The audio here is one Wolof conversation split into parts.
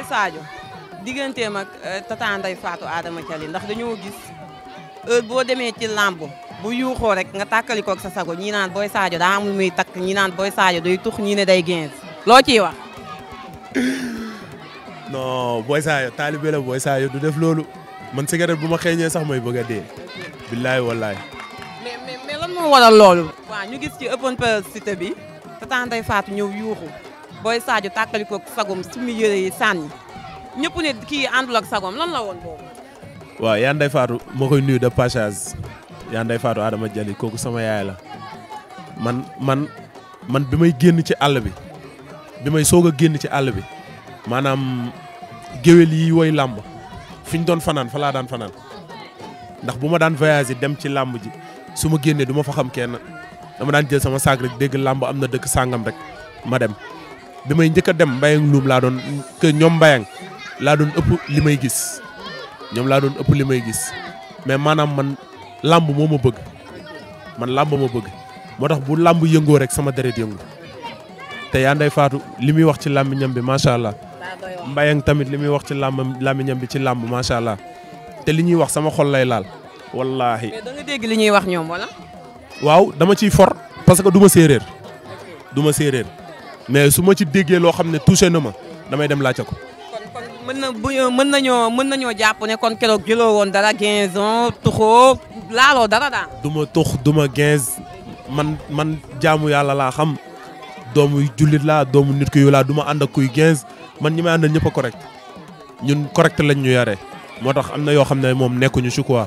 mooy Sadio digganteem ak eh, tata Ndeye Fatou Adama Thiali ndax dañoo gis heure bo demee ci làmb bu yuuxoo rek nga tàkkali koog sa sago ñii naan booy Sadio daa amul muy takk ñii naan booy Sadio day tux ñii ne day gens loo ciy wax. non booy Sadio taalibe la booy Sadio du def loolu man cigarette bu ma xeeñee sax may bëgg a dee. billaay wallaay. mais mais mais lan moo waral loolu. waaw ñu gis ci open press cité bi tata Ndeye Fatou ñëw yuuxu. booy Sadio tàkkali ko sagom suñu yére yi sànni ñëpp kii àndul ak sagom lan la woon boobu. waaw yaa nday Fatou moo koy nuyu de passage yaa nday Adama Jali kooku sama yaay la man man man bi may génn ci àll bi bi may soog a génn ci àll bi maanaam géwél yi woy làmb fi ñu doon fanaan falaa daan fanaan ndax bu ma daan voyagé dem ci làmb ji su ma génnee du ma faxam xam kenn dama daan jël sama saak rek dégg làmb am na dëkk sàngam rek ma dem. Bima may dem bayang luum la doon ke ñoom bayang la doon ëpp li gis ñoom laa doon ëpp li gis mais man lambu momo bug bëgg man làmb ma bëgg bu lambu yëngoo rek sama deret yëngu te limi nday faatu limi muy wax ci làmmiñam bi macha allah mbayang tamit limi wax ci bi ci li ñuy sama xol lay laal wallahi da nga dégg li ñuy wax dama ciy for parce que duma ma duma mais su ma ci déggee loo xam ne touché na ma damay dem laajte ko. mën na bu mën nañoo mën nañoo jàpp ne kon keroog jëloo woon dara guinzon tuxoo laaloo dara daal. du ma tux du ma guinz man man jaamu yàlla laa xam doomu jullit laa doomu nit ku yu duma ànd ak kuy guinz man ñi may àndal ñëpp a correct ñun correct lañ ñu yare moo tax am na yoo xam ne moom nekkuñu si quoi.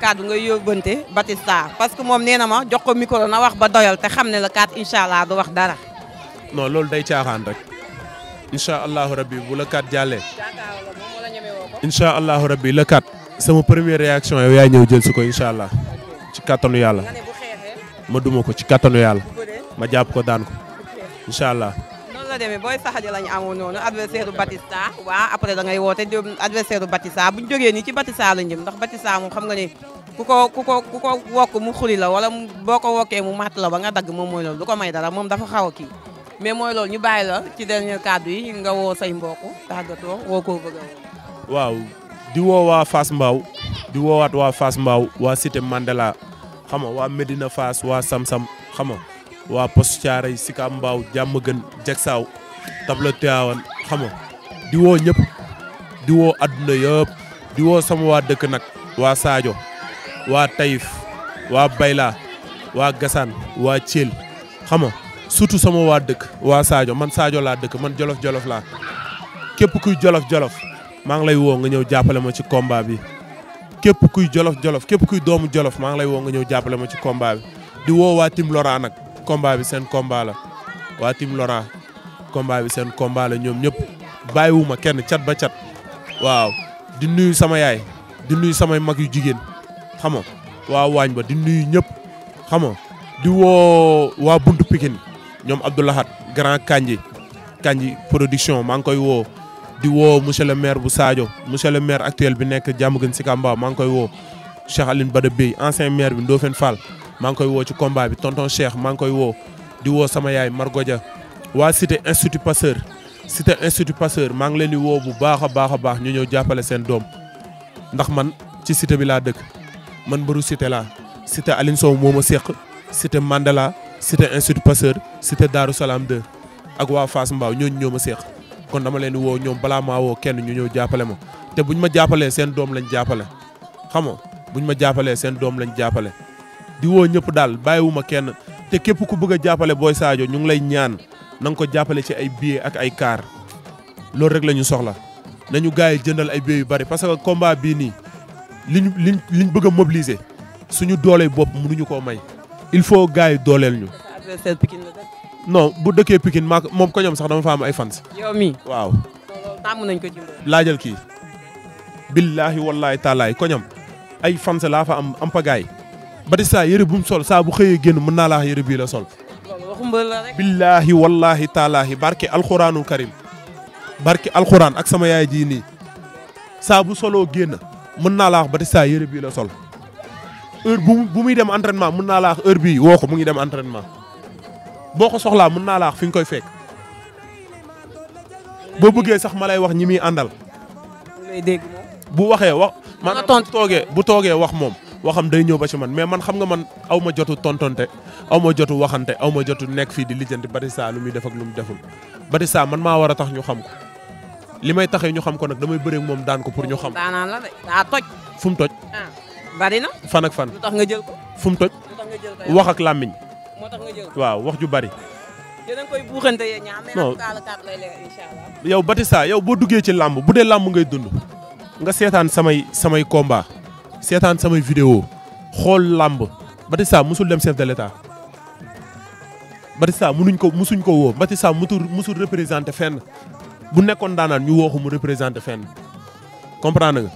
kàddu ngay yóbbante Batista parce que moom nee na ma jox ko micro na wax ba doyal te xam ne la kaat incha allah du wax dara. non loolu day caaxaan rek. incha allahu rabbi bu la kaat jàllee. incha allahu rabbi la kaat. sama première réaction yow yaa ñëw jël si ko incha allah. ci kattanu yàlla. ma duma ko ci kattanu yàlla. ma jàpp ko daan ko. incha allah. demee booy saxaja lañ amoon noonu adversaire u Batista waaw après da ngay woote adversaire u Batista buñ jógee nii ci Batista la jëm ndax Batista moom xam nga ne ku ko ku ko ku ko wokk mu xuli la wala boo ko wokkee mu matt la ba nga dagg moom mooy loolu du ko may dara moom dafa xaw a kii mais mooy loolu ñu bàyyi la ci dernier kàddu yi nga woo say mbokk tàggatoo woo koo bëgg waaw di woo waa Fass Mbao di woowaat waa Fass Mbao waa Cité Mandela xam nga waa Medina Fass waa Sam Sam xam nga waa post Thiaray Sika Mbaaw jàmm gën Jaksaaw tableau Tivaouane xam nga di woo ñëpp di woo adduna yëpp di woo sama waa dëkk nag waa saajo waa Taïf waa Bayla waa Gassane waa Thiel xam nga surtout sama waa dëkk waa saajo man Sadio laa dëkk man Jolof Jolof laa képp kuy Jolof Jolof maa ngi lay woo nga ñëw jàppale ma ci combat bi képp kuy Jolof Jolof képp kuy doomu Jolof maa ngi lay woo nga ñëw jàppale ma ci combat di woo waa Tim combat bi seen combat waa team Laurent combat bi seen combat ñoom ñëpp bàyyiwuma kenn cat ba cat waaw di nuyu sama yaay di nuyu samay mag yu jigéen xam waa waañ ba di nuyu ñëpp xam nga di woo waa buntu Pikine ñoom Abdoulahat grand Kanji Kanji production maa ngi koy woo di woo monsieur le maire bu Sadio monsieur le maire actuel bi nekk Diamaguène Sicap Mbao maa ngi koy woo Cheikh Aline Bada Bèye ancien maire bi Ndofène Fall maa ngi koy woo ci combat bi tonton Cheikh maa ngi koy woo di woo sama yaay Margoja waa cité institut Pasteur cité institut Pasteur maa ngi leen di woo bu baaxa a baax a baax ñu ñëw jàppale seen doom ndax man ci cité bi dëkk man mbëru cité laa cité Aline Sow moo ma seq cité Mandela cité institut Pasteur cité Darou Salaam ak waa Fass Mbao ñooñu ñoo ma seq kon dama leen di woo ñoom balaa maa woo kenn ñu ñëw jàppale ma te buñ ma jàppalee seen doom lañ jàppale xam nga buñ ma jàppalee seen doom lañ jàppale. di woo ñëpp daal bàyyiwuma kenn te képp ku bëgg a jàppale Boy Sadio ñu ngi lay ñaan na nga ko jàppale ci ay billets ak ay car loolu rek la ñu soxla nañu gars yi jëndal ay billets yu bari parce que combat bii nii liñ liñ liñ bëgg a mobiliser suñu doole bopp mënuñu koo may il faut gars yi dooleel ñu. no bu dëkkee Pikine maa moom ko sax dama fa am ay fans. yow mii waaw. taamu nañ ko laajal kii. billaahi wallaahi taalaay ko ñoom ay fans laa fa am am pagaay Batista yére bu mu sol saa bu xëyee génn mën naa laa yëre bii la sol. billaahi wallaahi taalaahi barke alxuraanul karim barke alxuraan ak sama yaay jii nii saa bu soloo génn mën naa laa wax Batista yëre bii la sol. heure bu bu muy dem entraînement mun naa laa wax heure bii woo ko mu ngi dem entraînement boo ko soxlaa mën naa laa fi nga koy fekk boo bëggee sax ma lay wax ñi muy àndal. bu waxee wax. man toogee bu toogee wax moom. waxam day ñëw ba ci man mais man xam nga man aw ma jotu tontonte aw ma jotu waxante aw ma jotu nekk fii di lijjanti Batista lu muy def ak lu mu deful Batista man maa war a tax ñu xam ko li may taxee ñu xam ko nag damay bëreeg moom daan ko pour ñu xam. daanaan la toj. fu mu toj. Ah, bari na. fan ak fan. lu nga jël ko. fu wax ak làmmiñ. waaw wax ju bari. yéen a ngi yow boo duggee ci làmb bu dee làmb ngay dund nga seetaan samay samay combat seetaan samay vidéo xool làmb Batista musul dem chef de l'état Batista munuñ ko musuñ ko woo Batista mutul musul représenté fenn bu nekkoon daanaan ñu wooxu mu représenté fenn comprendre nga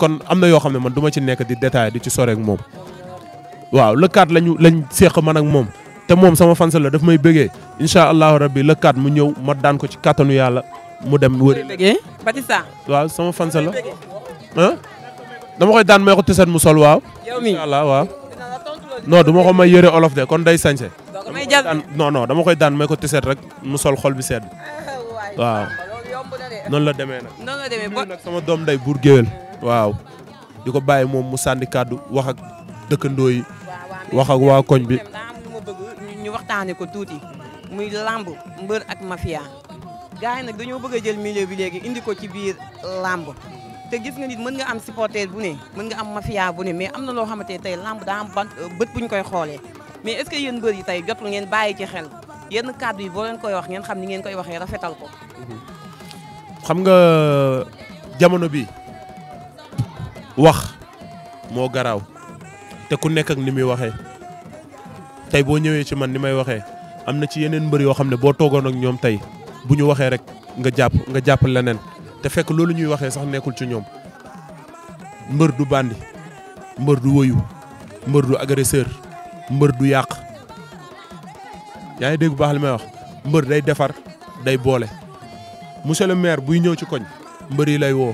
kon am na yoo xam ne man duma ci nekk di détail di ci sore ak moom waaw le 4 lañu lañ seeq ma nag moom te moom sama fans la daf may bëggee incha allahu rabbi le 4 mu ñëw mat daan ko ci kàttanu yàlla mu dem wër Batista waaw sama fans la ah dama koy daan may ko mu sol waaw. yow mii waaw. non du ma ko may yëre olof de kon day sañse. non dama koy daan may ko rek mu sol xol bi sedd waaw. noonu la demee nag. sama doom day buur géwél waaw di ko bàyyi moom mu sànni kàddu wax ak dëkkandoo yi. wax ak waa koñ bi. ñu waxtaanee ko tuuti muy làmb mbër ak ma gars yi nag dañoo bëgg a jël milieu bi léegi indi ko ci biir làmb te gis nga nit mën nga am supporter bu ne mën nga am mafia bu ne mais am na loo xamante ne tey lamb daa am ban euh, bët koy xoolee mais yéen mbër yi tey jotul ngeen bàyyi ci xel yenn kàddu boo leen koy wax ngeen xam ni ngeen koy waxee rafetal ko. xam nga jamono bi wax moo garaaw te ku nekk ni muy waxee tey boo ñëwee ci man ni may waxee am na ci yeneen mbër yoo xam ne boo toogoon ñoom tey bu ñu waxee rek nga jàpp nga jàpp leneen. te fekk loolu ñuy waxee sax nekkul ci ñoom mbër du bandi mbër du woyu mbër du agresseur mbër du yàq yaa ngi dégg bu baax li may wax mbër day defar day boole monsieur le maire buy ñëw ci koñ mbër yi lay woo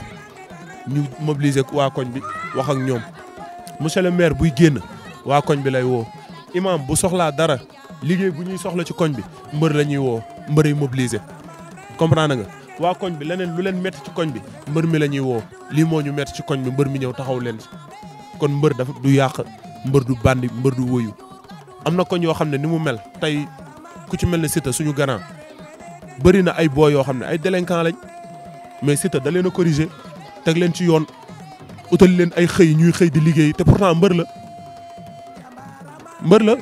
ñu mobiliser waa koñ bi wax ak ñoom monsieur le maire buy génn waa koñ bi lay woo imam bu soxlaa dara liggéey bu ñuy soxla ci koñ bi mbër la ñuy woo mbër yi mobiliser comprendre nga waa koñ bi leneen lu leen métti ci koñ bi mbër mi la ñuy woo lii moo ñu métti ci koñ bi mbër mi ñëw taxaw leen kon mbër dafa du yàq mbër du bandi mbër du woyu am na koñ yoo xam ne ni mu mel tey ku ci mel ne Siteu suñu grand bëri na ay boo yoo xam ne ay délinquant lañ mais Siteu da leen a corriger teg leen ci yoon utal leen ay xëy ñuy xëy di liggéey te pourtant mbër la mbër la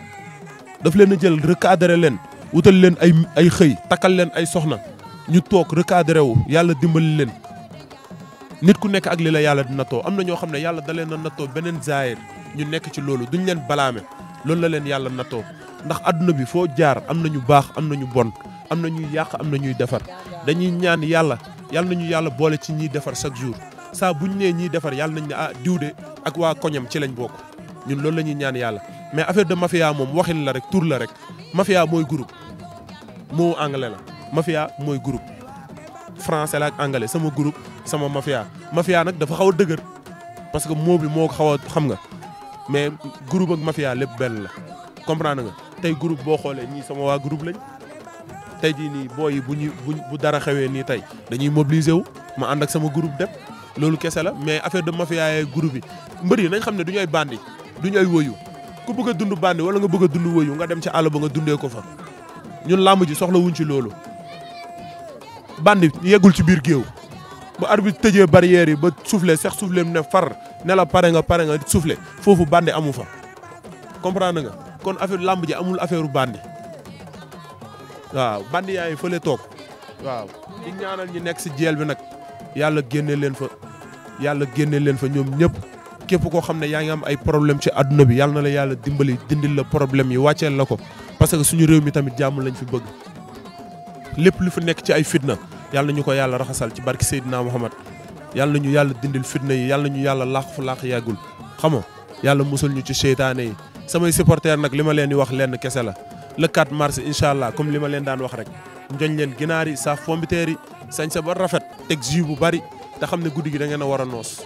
daf leen jël recadrer leen wutal leen ay ay xëy takkal leen ay soxna ñu toog recadré wu yàlla dimbali leen nit ku nekk ak li la yàlla di nattoo am na ñoo xam ne yàlla da leen a nattoo beneen zaahir ñu nekk ci loolu duñ leen balaame loolu la leen yàlla nattoo ndax adduna bi foo jaar am na ñu baax am na ñu bon am na ñuy yàq am na ñuy defar dañuy ñaan yàlla yàlla nañu yàlla boole ci ñiy defar chaque jour saa buñ nee ñiy defar yàlla nañ ne ah diwde ak waa koñam ci lañ bokk ñun loolu la ñuy ñaan yàlla mais affaire de mafia moom waxin la rek tur rek mafia mooy groupe moo la mafia mooy groupe français la ak anglais sama groupe sama mafia mafia nag dafa xaw a dëgër parce que moo bi moo xaw a xam nga mais groupe ak mafia lépp benn la comprendre nga tey groupe boo xoolee ñii sama waa groupe lañ tey jii nii booy yi bu ñu bu dara xewee nii tey dañuy mobiliser wu ma ànd ak sama groupe dem loolu kese la mais affaire de mafia yeeg groupe yi mbër yi nañ xam ne du ñu ay bandi du ñu ay woyu ku bëgg a dund bandi wala nga bëgg a dund woyu nga dem ci àll ba nga dundee ko fa ñun làmb ji soxla ci loolu bandi yeggul ci biir géew ba arbitre tëjee barrière yi ba soufflé sax soufflé mu ne far ne la pare nga pare nga soufflé foofu bandi amu fa comprendre nga kon affaire làmb ji amul affaire bandi waaw bandi yaa ngi fële toog waaw di ñaanal ñi nekk si jeel bi nag yàlla génne leen fa yàlla génne leen fa ñoom ñëpp képp koo xam ne yaa ngi am ay problème ci adduna bi yàlla na la yàlla dimbali dindil la problème yi wàcceel la ko parce que suñu réew mi tamit jàmm lañ fi bëgg lépp lu fi nekk ci ay fitna yàlla ñu ko yàlla raxasal ci barki Seydina Muhammad yàlla ñu yàlla dindil fitna yi yàlla ñu yàlla laax fu laax yàggul xam nga yàlla musal ñu ci seytaane yi samay supporters nag li ma leen di wax lenn kese la le 4 mars incha allah comme li ma leen daan wax rek njoñ leen ginaar yi saaf fombiteer yi sañ sa ba rafet teg jus bu bari te xam ne guddi gi da ngeen a war a noos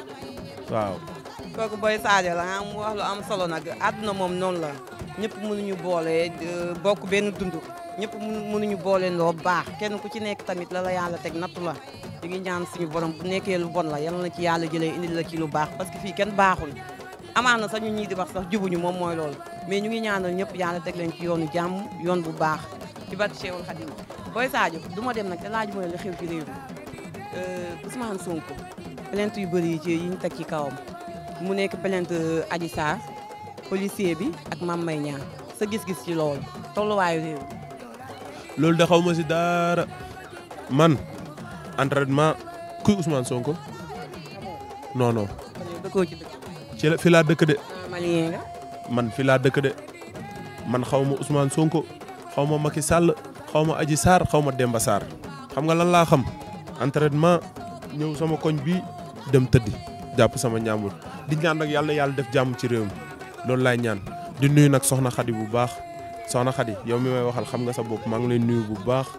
waaw. kooku Boy Sadio la ah mu wax lu am solo nag àdduna moom noonu la ñëpp mënuñu euh, ñëpp mënuñu booleen loo baax kenn ku ci nekk tamit la la yàlla teg nattu la ñu ngi ñaan suñu borom bu nekkee lu bon la yàlla la ci yàlla jëlee indil la ci lu baax parce que fii kenn baaxul amaan na sax ñun ñii di wax sax jubuñu moom mooy lool mais ñu ngi ñaanal ñëpp yàlla teg leen ci yoonu jàmm yoon bu baax ci barke Cheikhul Khadim booy Sadio du ma dem nag te laaj mooy la xew ci réew mi euh, Ousmane Sonko plainte yu bëri yi ci ñu teg ci kawam mu nekk plainte euh, Adji Sarr policier bi ak Mame Mbaye sa gis-gis ci loolu tolluwaayu lol da xawma ci dara man entraînement kuy Ousmane Sonko non non. ci la fi la deuk de. man fi la deuk de man xawma Ousmane Sonko xawma Macky Sall xawma Adji Sar xawma Demba Sar xam nga lan la xam entraînement ñew sama koñ bi dem teddi japp sama ñamul di ñaan nak yalla yalla def jamm ci réew lol lay ñaan di nuyu nak soxna Xadi bu baax. soxna Khady yow mi may waxal xam nga sa